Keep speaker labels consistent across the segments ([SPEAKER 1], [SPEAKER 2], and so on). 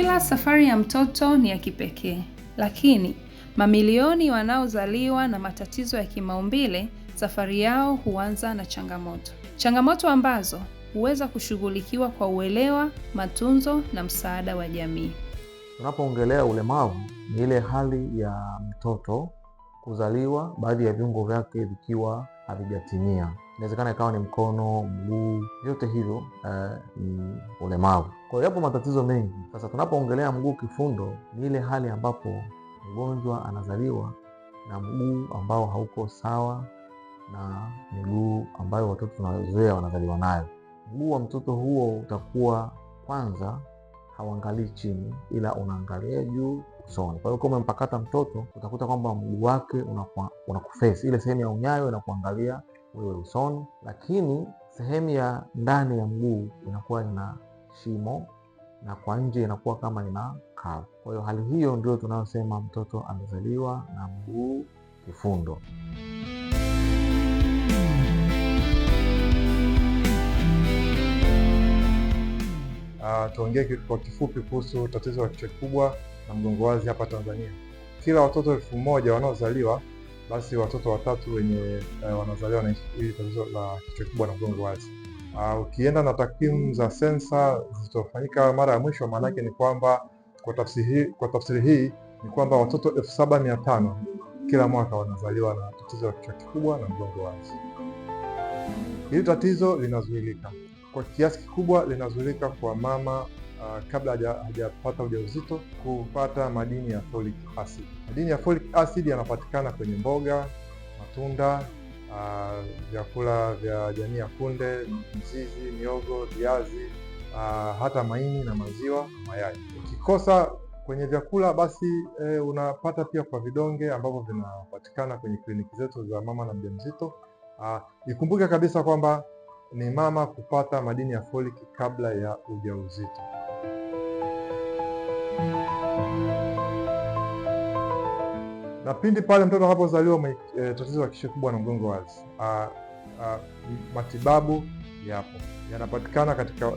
[SPEAKER 1] Kila safari ya mtoto ni ya kipekee, lakini mamilioni wanaozaliwa na matatizo ya kimaumbile, safari yao huanza na changamoto. Changamoto ambazo huweza kushughulikiwa kwa uelewa, matunzo na msaada wa jamii. Tunapoongelea ulemavu, ni ile hali ya mtoto kuzaliwa baadhi ya viungo vyake vikiwa havijatimia inawezekana ikawa ni mkono, mguu, vyote hivyo uh, ni ulemavu. Kwa hiyo yapo matatizo mengi. Sasa tunapoongelea mguu kifundo, ni ile hali ambapo mgonjwa anazaliwa na mguu ambao hauko sawa na miguu ambayo watoto tunazoea wanazaliwa nayo. Mguu wa mtoto huo utakuwa kwanza hauangalii chini, ila unaangalia juu usoni. kwahio kama umempakata mtoto, utakuta kwamba mguu wake unakufesi, ile sehemu ya unyayo inakuangalia wewe usoni, lakini sehemu ya ndani ya mguu inakuwa ina shimo na kwa nje inakuwa kama ina kavu. Kwa hiyo hali hiyo ndio tunayosema mtoto amezaliwa na mguu kifundo.
[SPEAKER 2] Uh, tuongee kwa kifupi kuhusu tatizo la kichwa kikubwa na mgongo wazi hapa Tanzania. Kila watoto elfu moja wanaozaliwa basi watoto watatu wenye eh, wanazaliwa na hili tatizo la kichwa kikubwa na mgongo wazi. Ah, ukienda na takwimu za sensa zilizofanyika mara ya mwisho, maana yake ni kwamba kwa tafsiri, kwa tafsiri hii ni kwamba watoto elfu saba mia tano kila mwaka wanazaliwa na tatizo la kichwa kikubwa na mgongo wazi. Hili tatizo linazuilika kwa kiasi kikubwa, linazuilika kwa mama uh, kabla hajapata ujauzito kupata madini ya folic acid. Madini ya folic acid yanapatikana kwenye mboga, matunda, uh, vyakula vya jamii ya kunde, mzizi, miogo, viazi, uh, hata maini na maziwa, mayai. Ukikosa kwenye vyakula basi e, unapata pia kwa vidonge ambavyo vinapatikana kwenye kliniki zetu za mama na mjamzito. Uh, ikumbuke kabisa kwamba ni mama kupata madini ya folic kabla ya ujauzito. na pindi pale mtoto anapozaliwa e, tatizo la kishe kubwa na mgongo wazi, a, a, matibabu yapo yanapatikana katika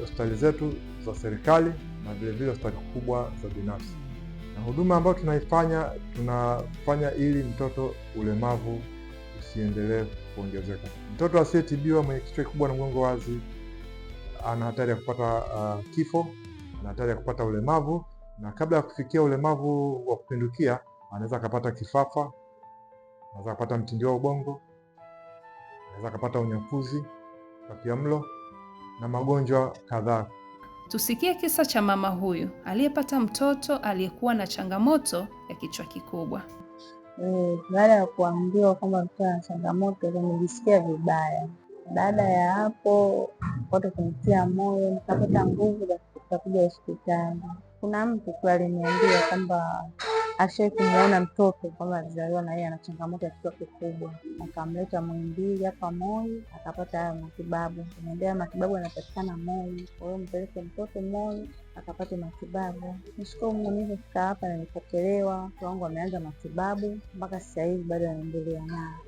[SPEAKER 2] hospitali zetu za serikali na vilevile hospitali kubwa za binafsi, na huduma ambayo tunaifanya tunafanya ili mtoto ulemavu usiendelee kuongezeka. Mtoto asiyetibiwa mwenye kichwa kikubwa na mgongo wazi ana hatari ya kupata uh, kifo, ana hatari ya kupata ulemavu, na kabla ya kufikia ulemavu wa kupindukia anaweza akapata kifafa, anaweza akapata mtindio wa ubongo, anaweza akapata unyakuzi, mlo na magonjwa kadhaa.
[SPEAKER 3] Tusikie kisa cha mama huyu aliyepata mtoto aliyekuwa na changamoto ya kichwa kikubwa.
[SPEAKER 4] E, baada ya kuambiwa kwamba mtoto ana changamoto nimejisikia vibaya. Baada ya hapo watu kunitia moyo, nikapata nguvu za kuja hospitali. Kuna mtu tu aliniambia kwamba alishai kumuona mtoto kwamba alizaliwa na yeye ana changamoto ya kichwa kikubwa, akamleta Muhimbili hapa Moi akapata haya matibabu. Niambia matibabu yanapatikana Moi, kwa hiyo mpeleke mtoto Moi akapate matibabu. Nishukuru Mungu nilipofika hapa nilipokelewa, mtoto wangu ameanza matibabu mpaka sasa hivi bado anaendelea nayo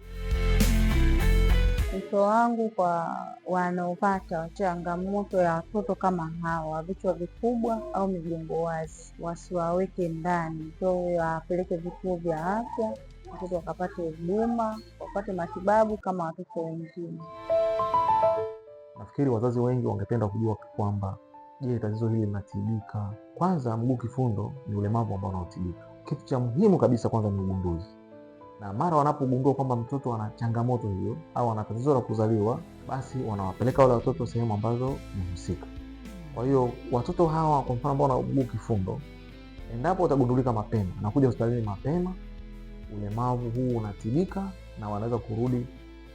[SPEAKER 4] wito wangu kwa wanaopata changamoto ya watoto kama hawa, vichwa vikubwa au migongo wazi, wasiwaweke ndani, to, wapeleke vituo vya afya, watoto wakapate huduma, wapate matibabu kama watoto wengine.
[SPEAKER 5] Nafikiri wazazi wengi wangependa kujua kwamba je, tatizo hili linatibika? Kwanza, mguu kifundo ni ulemavu ambao unaotibika. Kitu cha muhimu kabisa kwanza ni ugunduzi na mara wanapogundua kwamba mtoto ana changamoto hiyo au ana tatizo la kuzaliwa, basi wanawapeleka wale watoto sehemu ambazo ni husika. Kwa hiyo watoto hawa, kwa mfano, ambao wanaugua kifundo, endapo watagundulika mapema, anakuja hospitalini mapema, ulemavu huu unatibika na wanaweza kurudi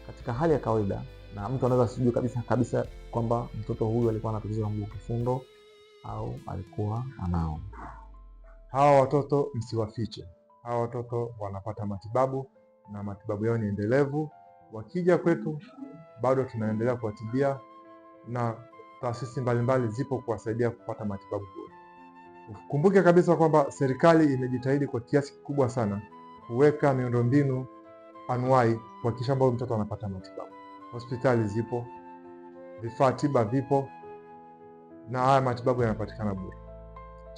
[SPEAKER 5] katika hali ya kawaida, na mtu anaweza sijui kabisa kabisa kwamba mtoto huyu alikuwa na tatizo la mguu kifundo au alikuwa anao.
[SPEAKER 2] Hawa watoto msiwafiche hawa watoto wanapata matibabu na matibabu yao ni endelevu. Wakija kwetu bado tunaendelea kuwatibia na taasisi mbalimbali zipo kuwasaidia kupata matibabu bora. Kumbuke kabisa kwamba serikali imejitahidi kwa kiasi kikubwa sana kuweka miundombinu anuwai kuhakikisha kwamba mtoto anapata matibabu. Hospitali zipo, vifaa tiba vipo, na haya matibabu yanapatikana bure.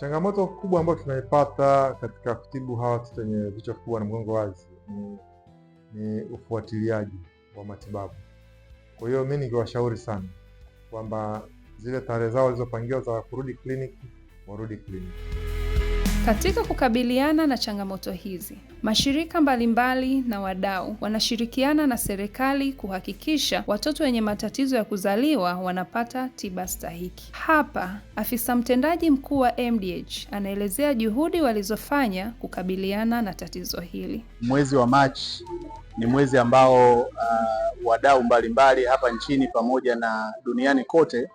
[SPEAKER 2] Changamoto kubwa ambayo tunaipata katika kutibu hawa watoto wenye vichwa vikubwa na mgongo wazi ni, ni ufuatiliaji wa matibabu. Kwa hiyo mi ningewashauri sana kwamba zile tarehe zao walizopangiwa za kurudi kliniki warudi kliniki.
[SPEAKER 3] Katika kukabiliana na changamoto hizi, mashirika mbalimbali mbali na wadau wanashirikiana na serikali kuhakikisha watoto wenye matatizo ya kuzaliwa wanapata tiba stahiki. Hapa afisa mtendaji mkuu wa MDH anaelezea juhudi walizofanya kukabiliana na tatizo hili.
[SPEAKER 6] Mwezi wa Machi ni mwezi ambao uh, wadau mbalimbali hapa nchini pamoja na duniani kote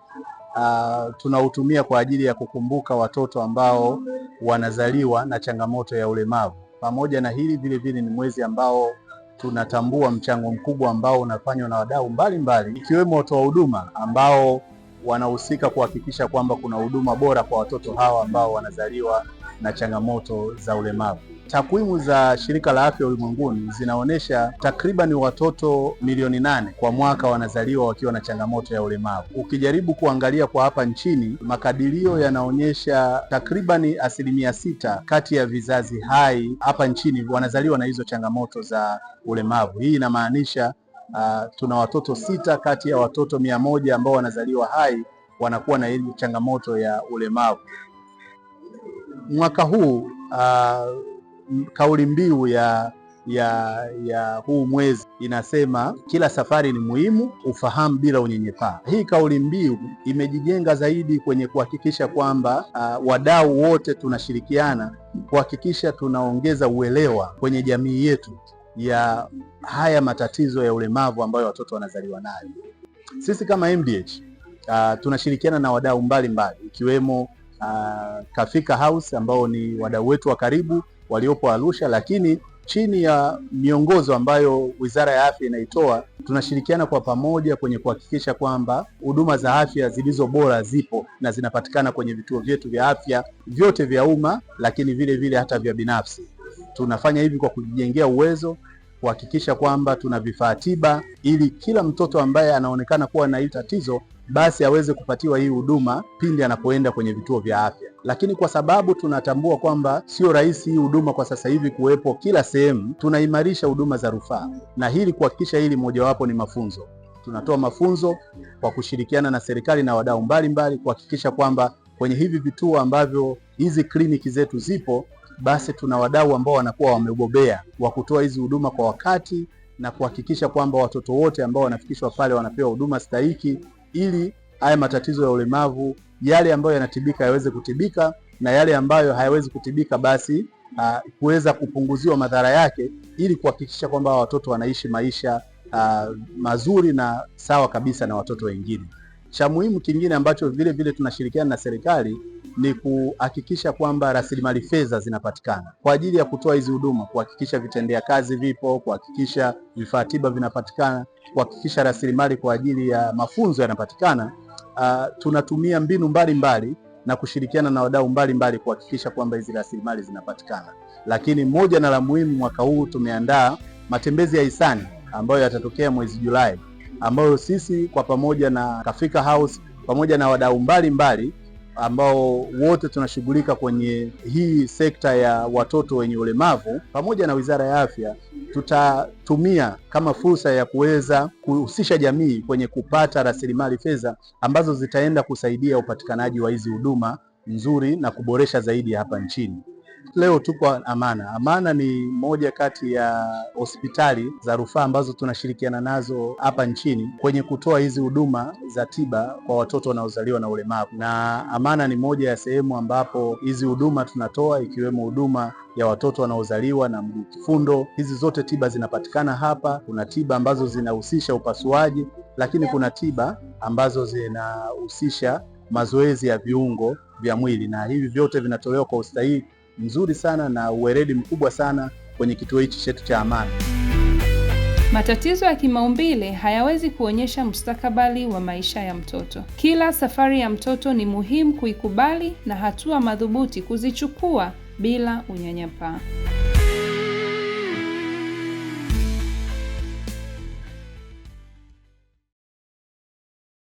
[SPEAKER 6] uh, tunautumia kwa ajili ya kukumbuka watoto ambao wanazaliwa na changamoto ya ulemavu. Pamoja na hili, vilevile ni mwezi ambao tunatambua mchango mkubwa ambao unafanywa na wadau mbalimbali ikiwemo watoa huduma ambao wanahusika kuhakikisha kwamba kuna huduma bora kwa watoto hawa ambao wanazaliwa na changamoto za ulemavu. Takwimu za Shirika la Afya Ulimwenguni zinaonyesha takriban watoto milioni nane kwa mwaka wanazaliwa wakiwa na changamoto ya ulemavu. Ukijaribu kuangalia kwa hapa nchini, makadirio yanaonyesha takriban asilimia sita kati ya vizazi hai hapa nchini wanazaliwa na hizo changamoto za ulemavu. Hii inamaanisha uh, tuna watoto sita kati ya watoto mia moja ambao wanazaliwa hai wanakuwa na hili changamoto ya ulemavu. Mwaka huu uh, kauli mbiu ya ya ya huu mwezi inasema kila safari ni muhimu, ufahamu bila unyenyepaa Hii kauli mbiu imejijenga zaidi kwenye kuhakikisha kwamba uh, wadau wote tunashirikiana kuhakikisha tunaongeza uelewa kwenye jamii yetu ya haya matatizo ya ulemavu ambayo watoto wanazaliwa nayo. Sisi kama MDH uh, tunashirikiana na wadau mbalimbali ikiwemo uh, Kafika House ambao ni wadau wetu wa karibu waliopo Arusha, lakini chini ya miongozo ambayo Wizara ya Afya inaitoa, tunashirikiana kwa pamoja kwenye kuhakikisha kwamba huduma za afya zilizo bora zipo na zinapatikana kwenye vituo vyetu vya afya vyote vya umma, lakini vile vile hata vya binafsi. Tunafanya hivi kwa kujijengea uwezo, kuhakikisha kwamba tuna vifaa tiba ili kila mtoto ambaye anaonekana kuwa na hili tatizo basi aweze kupatiwa hii huduma pindi anapoenda kwenye vituo vya afya lakini kwa sababu tunatambua kwamba sio rahisi hii huduma kwa sasa hivi kuwepo kila sehemu, tunaimarisha huduma za rufaa, na hili kuhakikisha hili mojawapo ni mafunzo. Tunatoa mafunzo kwa kushirikiana na serikali na wadau mbalimbali kuhakikisha kwamba kwenye hivi vituo ambavyo hizi kliniki zetu zipo, basi tuna wadau ambao wanakuwa wamebobea wa kutoa hizi huduma kwa wakati na kuhakikisha kwamba watoto wote ambao wanafikishwa pale wanapewa huduma stahiki ili haya matatizo ya ulemavu yale ambayo yanatibika yaweze kutibika na yale ambayo hayawezi kutibika basi uh, kuweza kupunguziwa madhara yake ili kuhakikisha kwamba watoto wanaishi maisha uh, mazuri na sawa kabisa na watoto wengine. Cha muhimu kingine ambacho vile vile tunashirikiana na serikali ni kuhakikisha kwamba rasilimali fedha zinapatikana kwa ajili ya kutoa hizi huduma, kuhakikisha vitendea kazi vipo, kuhakikisha vifaa tiba vinapatikana, kuhakikisha rasilimali kwa ajili ya mafunzo yanapatikana uh, tunatumia mbinu mbalimbali mbali, na kushirikiana na wadau mbalimbali kuhakikisha kwamba hizi rasilimali zinapatikana. Lakini moja na la muhimu, mwaka huu tumeandaa matembezi ya hisani ambayo yatatokea mwezi Julai, ambayo sisi kwa pamoja na Kafika House pamoja na wadau mbalimbali ambao wote tunashughulika kwenye hii sekta ya watoto wenye ulemavu pamoja na Wizara ya Afya tutatumia kama fursa ya kuweza kuhusisha jamii kwenye kupata rasilimali fedha ambazo zitaenda kusaidia upatikanaji wa hizi huduma nzuri na kuboresha zaidi hapa nchini. Leo tupo Amana. Amana ni moja kati ya hospitali za rufaa ambazo tunashirikiana nazo hapa nchini kwenye kutoa hizi huduma za tiba kwa watoto wanaozaliwa na ulemavu, na Amana ni moja ya sehemu ambapo hizi huduma tunatoa ikiwemo huduma ya watoto wanaozaliwa na mguu kifundo. Hizi zote tiba zinapatikana hapa. Kuna tiba ambazo zinahusisha upasuaji, lakini kuna tiba ambazo zinahusisha mazoezi ya viungo vya mwili, na hivi vyote vinatolewa kwa ustahili mzuri sana na uweredi mkubwa sana kwenye kituo hichi chetu cha Amana.
[SPEAKER 3] Matatizo ya kimaumbile hayawezi kuonyesha mustakabali wa maisha ya mtoto. Kila safari ya mtoto ni muhimu kuikubali na hatua madhubuti kuzichukua bila unyanyapaa.